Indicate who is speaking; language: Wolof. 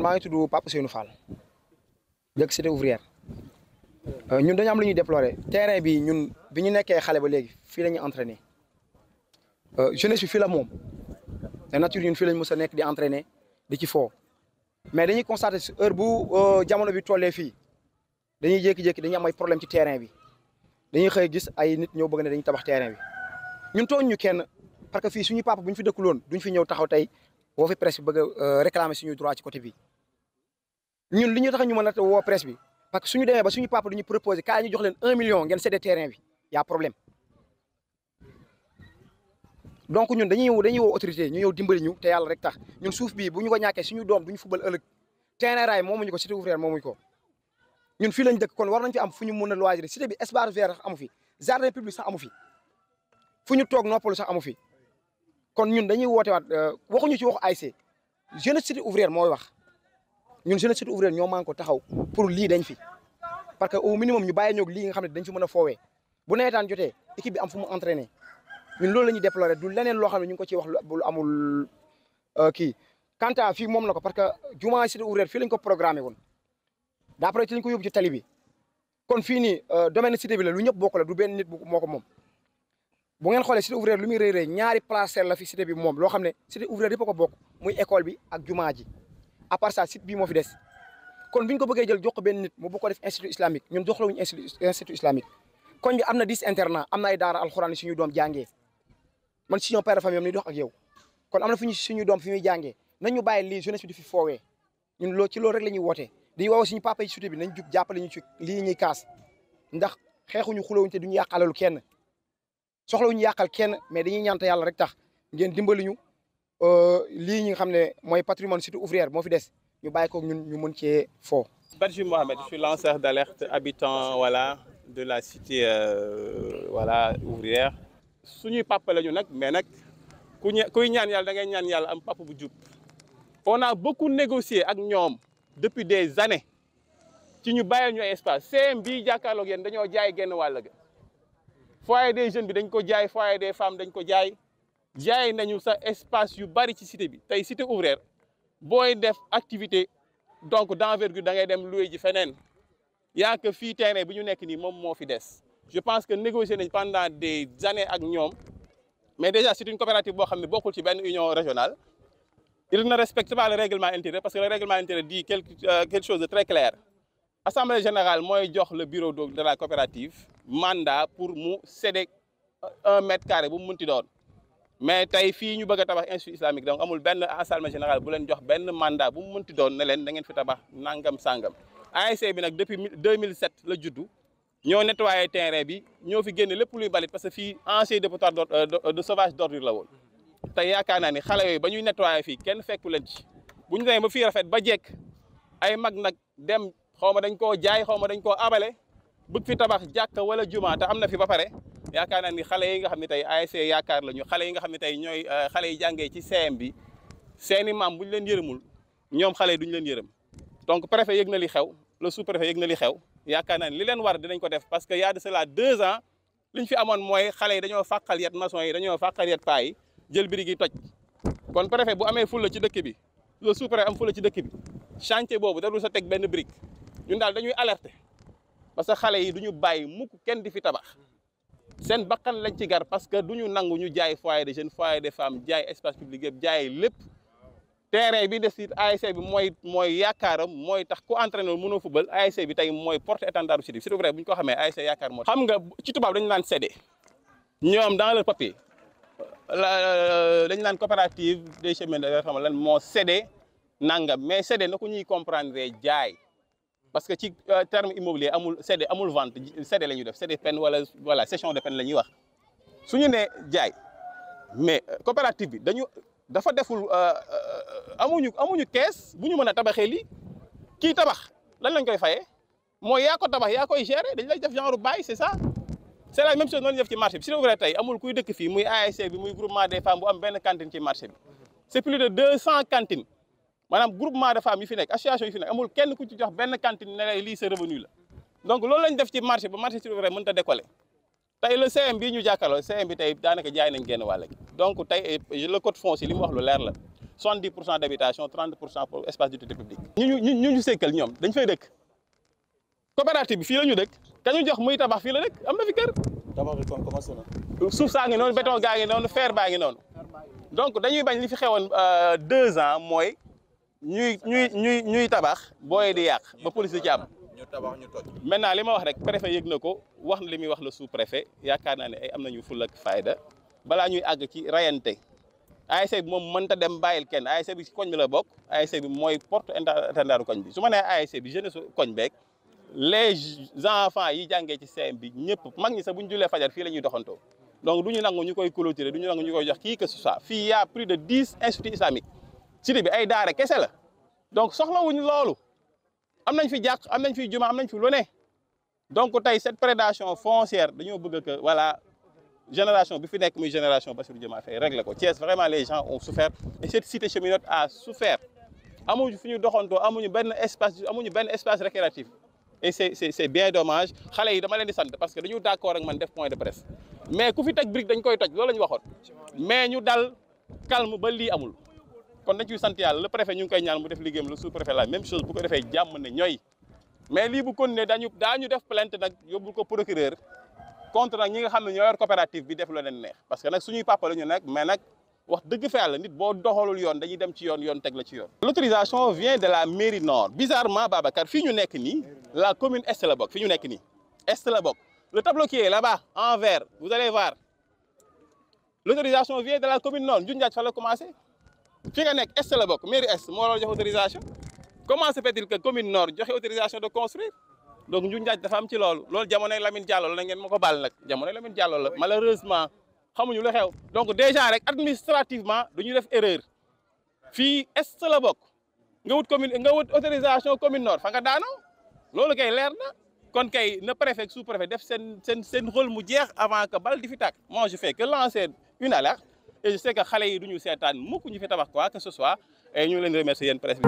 Speaker 1: maa ngi tudd Pape Ousseynou Fall dëkk cité ouvrière euh, ñun dañu am lu ñuy déplorer terrain bi ñun bi ñu nekkee xale ba léegi fii la ñuy entraîner euh, jeune bi fii la moom te nature ñun fii lañ mës a nekk di entraîner di ci foo mais dañuy constater heure bu euh, jamono bi tollee fii dañuy jékki-jékki dañuy am ay problème ci terrain bi dañuy xëy gis ay nit ñëw bëgg ne dañuy tabax terrain bi ñun tooñ ñu kenn parce que fii suñu papa bu ñu fi dëkkuloon duñ fi ñëw taxaw tey woo fi presse bëgg a réclamer suñu droit ci côté bi ñun li ñu tax ñu mën woo presse parce que suñu demee ba suñu papa duñu proposé kaa ñu jox leen un million ngeen cédé terrain bi y'a problème donc ñun dañuy dañuy woo autorité ñu ñëw dimbali ñu te yàlla rek tax ñun suuf bii bu ko ñàkkee suñu doom duñu fubal ëllëg terrain raay moomuñu ko cité ouvrière moomuñu ko ñun fii lañ dëkk kon war nañ fi am fu ñu mun a loisir cité bi espace vert sax fi jardin public sax amu fi fu ñu toog noppalu sax amu fi kon ñun dañuy woote waat euh, waxuñu ci waxu ASC jeunesse cité ouvrière mooy wax ñun jeunesse cité ouvrière ñoo maa ko taxaw pour lii dañ fi parce que au minimum ñu bàyyi ñoog lii nga xam ne dañ fi mën a foowee bu nawetaan jotee équipe bi am fu mu entraîné ñun loolu la ñuy déploré du leneen loo xam ne ñu ngi ko ciy wax lu amul euh, kii quant à fii moom na ko parce que jumaa cité ouvrière fii lañ ko programmé woon d'après ci lañ ko yóbbu ci tali bi kon fii nii euh, domaine cité bi la lu ñëpp bokk la du benn nit bu moo ko moom bu ngeen xoolee cité ouvrière lu muy rëy rëy ñaari place la fi bi moom xam ne cité ouvrière yëpp a ko bokk muy école bi ak jumaa ji à part ça site bii moo fi des kon bu ñu ko bëggee jël jox ko benn nit mu bëgg ko def institut islamique ñun joxlawuñu institut islamique koñ bi am na dix internat am na ay daara alxuraan suñu doom jàngee man si ñoom père de famille dox ak yow kon am na fu ñu suñu doom fi ñuy jàngee ñu bàyyi lii jeunesse bi di ñun loo ci loolu rek la ñuy wootee di woow suñu papa yi suté bi nañ jug jàppale ñu ci lii ñuy kaas ndax xeexuñu xulawuñ te duñu yàqalalu kenn soxlawuñu yàqal kenn mais dañuy ñaanta yàlla rek tax ngeen dimbali ñu Euh, lii ñu nga xam ne mooy patrimoine surtout ouvrière moo fi des ñu bàyyi ko ñun ñu mën cee foo.
Speaker 2: Badji Mohamed je suis lanceur d'alerte habitant voilà de la cité euh, voilà ouvrière suñuy papa la ñu nag mais nag ku ñu kuy ñaan yàlla da ngay ñaan yàlla am papa bu jub on a beaucoup négocié ak ñoom depuis des années ci ñu bàyyi ñu ay espace CM bii jàkkaarloog yéen dañoo jaay genn wàll ga foyer des jeunes bi dañ ko jaay foyer des femmes dañ ko jaay. jaay nañu sax espace yu bari ci cité bi tey cité ouvrière booy def activité donc d'envergure da ngay dem loué ji feneen yaa que fii terrain bi ñu nekk nii moom moo fi des je pense que négocier nañ pendant des années ak ñoom mais déjà c'est coopérative boo xam ne bokkul ci benn union régionale il ne respecte pas le règlement intérieur parce que le règlement intérieur dit quelque euh, quelque chose très clair assemblée générale mooy jox le bureau de la coopérative mandat pour mu céder euh, un mètre carré bu mu munti doon mais tey fii ñu bëgg a tabax institut islamique donc amul benn enseignement général bu leen jox benn mandat bu mu mënti doon ne leen da ngeen fi tabax nangam sangam ASC bi nag depuis 2007 la juddu ñoo nettoyé terrain bi ñoo fi génne lépp luy balit parce que fii ancien dépotoir euh, euh, de sauvage d'ordure la woon te yaakaar naa ni xale yooyu ba ñuy nettoyé fii kenn fekk leen ci bu ñu demee ba fii rafet ba jekk ay mag nag dem xaw ma dañ koo jaay xaw ma dañ koo abale bëgg fi tabax jàkka wala jumaa am na fi ba pare yaakaar naa ni xale yi nga xam ne tey ASC yaakaar lañu xale yi nga xam ne tey ñooy euh, xale yi jàngee ci CM bi seeni maam bu ñu leen yërëmul ñoom xale yi duñu leen yërëm donc préfet yëg na li xew la sous préfet yëg na li xew yaakaar naa ni li leen war dinañ ko def parce que yaa a de cela deux ans liñ fi amoon mooy xale yi dañoo fàqal yet maçon yi dañoo fàqal yet paa jël birig yi toj kon préfet bu amee fulla ci dëkk bi le sous préfet am fulla ci dëkk bi boobu dadul sa teg benn brique ñun daal dañuy alerter parce que xale yi duñu bàyyi mukk kenn di fi tabax seen bakkan lañ ci gar parce que du ñu nangu ñu jaay foyer des jeunes foyer des femmes jaay espace public yëpp jaay lépp terrain bi des it ASC bi mooy mooy yaakaaram mooy tax ku entraîneur mënoo football ASC bi tey mooy porte étendard du site bi c'est vrai bu ñu ko xamee ASC yaakaar moo xam nga ci tubaab dañu naan cédé ñoom dans leur papier euh, dañu naan coopérative des chemins de xam lan moo cédé nangam mais cédé na ko ñuy comprendre jaay parce que ci euh, terme immobilier amul cédé amul vente cédé la ñuy def cédé peine wala voilà cession de peine la wax su ñu nee jaay mais euh, coopérative bi dañu dafa deful euh, amuñu amuñu kees bu ñu mën a tabaxee lii kii tabax lan lañ koy fayee mooy yaa ko tabax yaa koy gérer dañ lay def genre bail c'est ça c'est la même chose noonu def ci marché bi si vrai tey amul kuy dëkk fii muy ASC bi muy groupement des femmes bu am benn cantine ci marché bi c'est plus de deux cent cantines maanaam groupement de femmes yi fi nekk association yi fi nekk amul kenn ku ci jox benn cantine ne lii sa revenu la donc loolu lañ def ci marché ba marché Sud-Ouest mënut a décoller tey le ñu jàkkaarloo CM bi tey daanaka jaay nañ génn wàll gi donc tey eh, le code foncier li mu wax lu leer la 70 pour cent d' habitation 30 pour cent espace d' utilité publique. ñu ñu ñu ñu ñu sekkal ñoom dañ fay dëkk coopérative bi fii la ñu dëkk ka ñu jox muy tabax fii la dëkk am na fi kër. tabax bi kon commencé na. suuf saa ngi noonu béton gaa ngi noonu fer donc dañuy bañ li fi xewoon euh, deux ans mooy. ñuy ñuy ñuy ñuy tabax booyee di yàq ba police di ci am. ñu maintenant li ma wax rek préfet yëg na ko wax na li muy wax la sous préfet yaakaar naa ne ay am nañu ful ak fayda balaa ñuy àgg ci rayante ASC bi moom mënta dem bàyyil kenn ay bi si koñ bi la bokk ay bi mooy porte étendardu koñ bi su ma nee ASC bi jeunesse koñ beeg les enfants yi jàngee ci CM bi ñëpp mag ñi sax bu ñu julee fajar fii la ñuy donc du ñu nangu ñu koy clôturer du ñu nangu ñu koy jox kii que ce soit fii y cité bi ay daara kese la donc soxlawuñ loolu am nañ fi jàq am nañ fi juma am nañ fi lu ne donc tey cette prédation foncière dañoo bëgg que wala génération bi fi nekk muy génération Bassirou Diomaye Faye régler ko Thiès vraiment les gens ont souffert et cette cité cheminote a souffert amuñu fu ñu doxantoo amuñu benn espace amuñu benn espace récréatif et c'est c'est c'est bien dommage xale yi dama leen di sant parce que dañu d'accord ak man def point de presse mais ku fi toj brique dañ koy toj loolu la ñu waxoon mais ñu dal calme ba lii amul kon dañ ciy sant yàlla le préfet ñu ngi koy ñaan mu def liggéeyam le sous préfet la même chose bu ko defee jàmm ne ñooy mais lii bu continuer dañu def plainte nag yóbbul ko procureur contre nag ñi nga xam ne ñoo yor coopérative bi def lu leen neex parce que nag suñuy papa la ñu nag mais nag wax dëgg fa nit boo doxalul yoon dañuy dem ci yoon yoon teg la ci yoon l'autorisation vient de la mairie nord bizarrement Babacar fii ñu nekk ni la commune est la bokk fii ñu nekk nii est la bokk le tableau qui en vert vous allez voir l'autorisation vient de la la commencé fi nga nekk est la bokk mairie est moo la jox autorisation commune nord joxe autorisation de construire donc ñu njaaj dafa am ci loolu loolu jamonoy Lamine Diallo la ngeen ma ko baal nag jamonoy Lamine Diallo la malheureusement xamuñu lu xew donc déjà rek administrativement duñu def erreur fii est la bokk nga wut commune nga wut autorisation commune nord fa nga daanoo loolu kay leer na kon kay na préfet sous préfet def seen seen seen rôle mu jeex avant que bal di fi tàkk moi je fais que lancer et je xale yi du ñu seetaan mukk ñu fi tabax quoi que ce soit et ñu leen remercier yéen presse